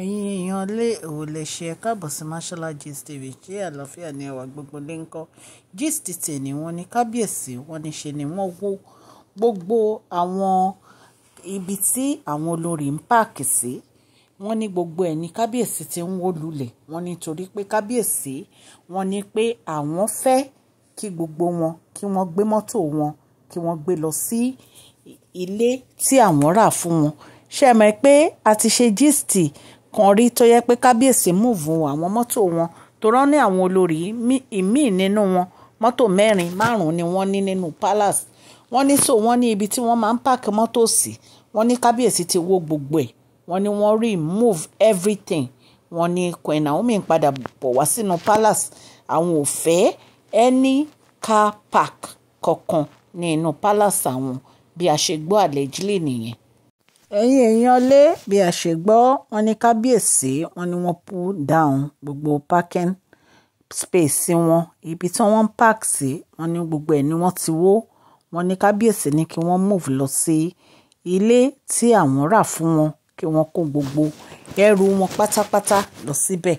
ẹ̀yin èèyàn lé òwò lè ṣe káàbọ̀ sí Mashola Gist TV ṣé àlàáfíà ni ẹwà gbogbo lè ń kọ́ gist tèmi wọ́n ní kábíyèsí wọ́n ní ṣe ni wọ́n wó gbogbo àwọn ibi tí àwọn olórí ń páàkì sí wọ́n ní gbogbo ẹ̀ ní kábíyèsí ti ń wó lulẹ̀ wọ́n ní torí pé kábíyèsí wọ́n ní pé àwọn fẹ́ kí gbogbo wọn kí wọ́n gbé mọ́tò wọn kí wọ́n gbé lọ sí ilé tí àwọn rà fún wọn ṣe mọ̀ pé a ti ṣe gist kan rí tó yẹ pé kábíyèsí múùvù àwọn mọ́tò wọn tó rán ní àwọn olórí ìmíì nínú wọn mọ́tò mẹ́rin márùn-ún ni wọ́n ní nínú palace wọ́n ní so wọ́n ní ibi tí wọ́n máa ń pààkì mọ́tò sí wọ́n ní kábíyèsí ti wó gbogbo ẹ̀ wọ́n ní wọ́n remove everything wọ́n ní Queen Naomi ń padà bọ̀ wá sínú palace àwọn ò fẹ́ any car park kankan ní inú palace àwọn bí a ṣe gbọ́ àlẹ́jìlì nìyẹn ẹ̀yin èèyàn lé bí a ṣe gbọ́ wọn ní kábíyèsí wọn ni wọ́n pull down gbogbo parking space wọn ibi tí wọ́n ń park sí wọn ní gbogbo ẹ̀ ni wọ́n ti wó wọn ní kábíyèsí ni kí wọ́n move lọ sí ilé tí àwọn rà fún wọn kí wọ́n kó gbogbo ẹrù wọn pátápátá lọ síbẹ̀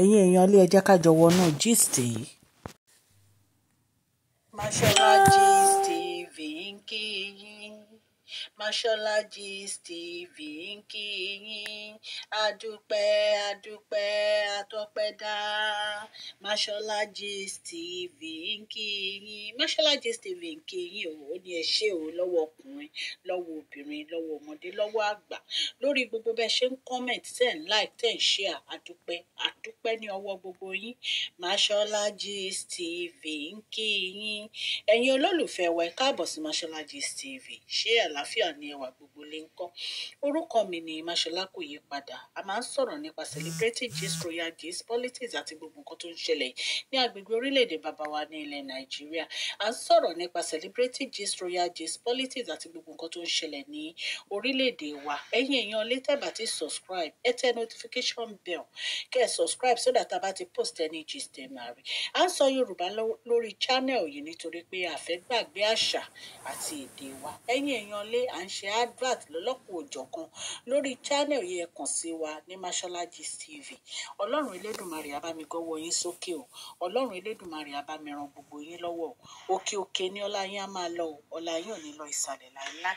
ẹ̀yin èèyàn lé ẹ jẹ́ ká jọ wọnú gist yìí. Mashola Gist TV ń kí yín Mashola Gist TV ń kí yín adúpẹ́ adúpẹ́ atọ́pẹ́dá Mashola Gist TV ń kí yín Mashola TV ń kí yín o ó ní ẹ ṣé o lọ́wọ́ ọkùnrin lọ́wọ́ obìnrin lọ́wọ́ ọmọdé lọ́wọ́ àgbà lórí gbogbo bẹ́ẹ̀ ṣe ń comment tẹ̀ ń like tẹ̀ ń share adúpẹ́ adúpẹ́ ní ọwọ́ gbogbo yín Mashola Gist TV ń kí yín ẹ̀yin olólùfẹ́ wa ẹ káàbọ̀ sí Mashola Gist TV ṣé àlàáfíà àlàáfíà ni ẹwà gbogbo lè ń kọ́ orúkọ mi ni Máṣọlá kò yí padà a máa ń sọ̀rọ̀ nípa celebrity gist royal gist politics àti gbogbo nǹkan tó ń ṣẹlẹ̀ ní agbègbè orílẹ̀-èdè bàbá ní ilẹ̀ Nàìjíríà a ń sọ̀rọ̀ nípa celebrity gist royal gist politics àti gbogbo nǹkan tó ń ṣẹlẹ̀ ní orílẹ̀-èdè wa ẹ̀yin èèyàn lè tẹ̀bà tí subscribe ẹ tẹ notification bell kẹ́ ẹ subscribe so that a bá ti post ẹni gist ẹ̀ máa rí à ń sọ Yorùbá lórí channel yìí nítorí pé a fẹ́ gbàgbé àṣà àti èdè wa ẹ̀yin èèyàn lé à ń ṣe advert lọ́lọ́kùn òjọ̀kan lórí channel yẹn kàn sí wa ní Mashola TV ọlọ́run elédùnmarè á yín sókè o ọlọ́run elédùnmarè á gbogbo yín lọ́wọ́ o òkè òkè ni ọlá yín á máa lọ o ọlá yín ò ní lọ ìsàlẹ̀ láéláé.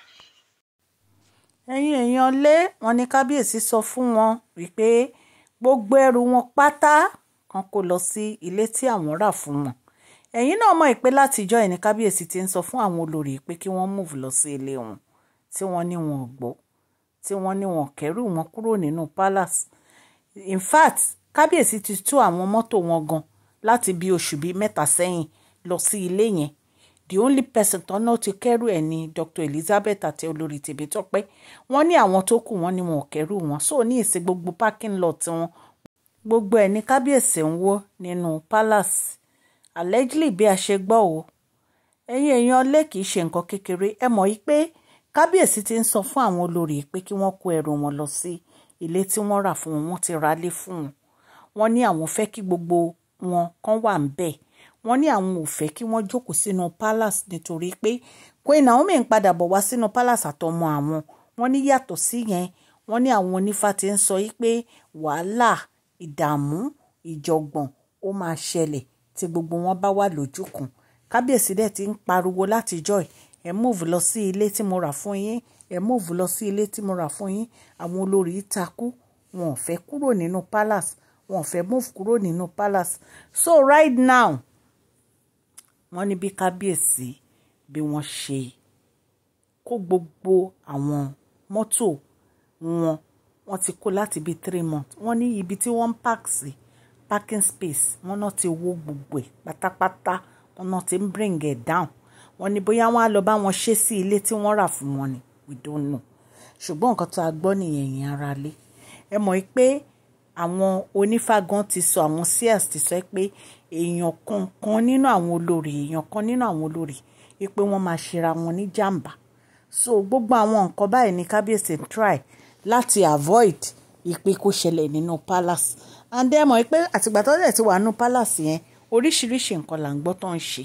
ẹ̀yin èèyàn lé wọn ní kábíyèsí sọ fún wọn wípé gbogbo ẹrù wọn pátá kan kó lọ sí ilé tí àwọn rà fún wọn ẹ̀yin náà mọ̀ pé látijọ́ ẹni kábíyèsí ti ń sọ fún àwọn olórí pé kí wọ́n múùfù lọ sí ilé wọn tí wọ́n ní wọn ò gbọ́ tí wọ́n ní wọn kẹ́rù wọn kúrò nínú palace in fact kábíyèsí ti tú àwọn mọ́tò wọn gan láti bí oṣù bíi mẹ́ta sẹ́yìn lọ sí ilé yẹn the only person tó náà ti kẹ́rù ẹ̀ ni Dr Elizabeth àti olórí Tèmítọ́pẹ́ wọ́n ní àwọn tó kù wọ́n ní wọn ò kẹ́rù wọn so ní ìsìn gbogbo parking lot wọn gbogbo ẹ̀ ní kábíyèsí ń wó nínú palace allegedly bí a ṣe gbọ́ o ẹ̀yin èèyàn lẹ́kìí ṣe nǹkan kékeré ẹ mọ̀ yí pé kábíyèsí ti ń sọ fún àwọn olórí pé kí wọ́n kó ẹrù wọn lọ sí ilé tí wọ́n rà fún wọn wọ́n ti ra lé fún wọn wọ́n ní àwọn fẹ́ kí gbogbo wọn kan wà ń bẹ̀ wọ́n ní àwọn ò fẹ́ kí wọ́n jókòó sínú palace nítorí pé Queen Naomi ń padà bọ̀ wá sínú palace àtọmọ àwọn wọ́n ní yàtọ̀ sí yẹn wọ́n ní àwọn onífá ti ń sọ yí pé wàhálà ìdààmú ìjọ̀gbọ̀n ó máa ṣẹlẹ̀ tí gbogbo wọn bá wà lójú kan kábíyèsí dẹ̀ ti ń pariwo látijọ́ joy ẹ move lọ sí ilé tí mo rà fún yín ẹ move lọ sí ilé tí mo rà fún yín àwọn olórí takú wọn ò fẹ́ kúrò nínú palace wọn ò fẹ́ move kúrò nínú palace so right now wọ́n ní bí kábíyèsí bí wọ́n ṣe kó gbogbo àwọn mọ́tò wọn wọ́n ti kó láti bíi three months wọ́n ní ibi tí wọ́n ń park sí parking space wọ́n náà ti wó gbogbo ẹ̀ pátápátá wọ́n náà ti ń bring it down wọ́n ní bóyá wọ́n á lọ bá wọn ṣe sí ilé tí wọ́n rà fún wọn ni we don't know ṣùgbọ́n nǹkan tá a gbọ́ nìyẹn yẹn ara lé ẹ mọ̀ pé àwọn onífàgán ti sọ àwọn seers ti sọ pé èèyàn kankan nínú àwọn olórí èèyàn kan nínú àwọn olórí pé wọ́n máa ṣera wọn ní jàǹbá so gbogbo àwọn nǹkan báyìí ni kábíyèsí ń try láti avoid ìpè kó ṣẹlẹ̀ nínú palace and ẹ mọ̀ pé àtìgbà tó dẹ̀ ti wà nínú palace yẹn oríṣiríṣi nǹkan là ń gbọ́ tó ń ṣe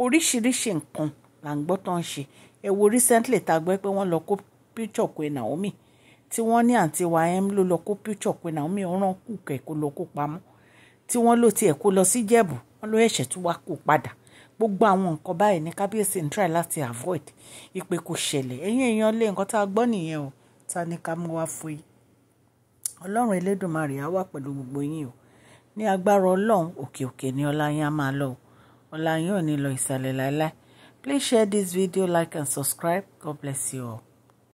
oríṣiríṣi nǹkan là ń gbọ́ tó ń ṣe ẹ wo recently ta gbọ́ pé wọ́n lọ kó picture Queen Naomi tí wọ́n ní àǹtí wa ẹ̀ ń lò lọ kó picture Queen Naomi ọ̀ràn kù kẹ̀ kó lọ kó pamọ́ tí wọ́n lò tiẹ̀ kó lọ sí Jẹ̀bú wọ́n lọ ẹ̀ṣẹ̀ tó wá kó padà gbogbo àwọn nǹkan báyìí ní kábíyèsí ń try láti avoid ìpè kò ṣẹlẹ̀ ẹ̀yin èèyàn lé nǹkan tá a gbọ́ nìyẹn o ta ni ká mú wá fún yìí ọlọ́run elédùnmarè á wà pẹ̀lú gbogbo yín o ní agbára ọlọ́run òkè òkè ni ọlá yín á máa lọ o ọ̀la yín ò ní lọ please share this video like and subscribe god bless you all.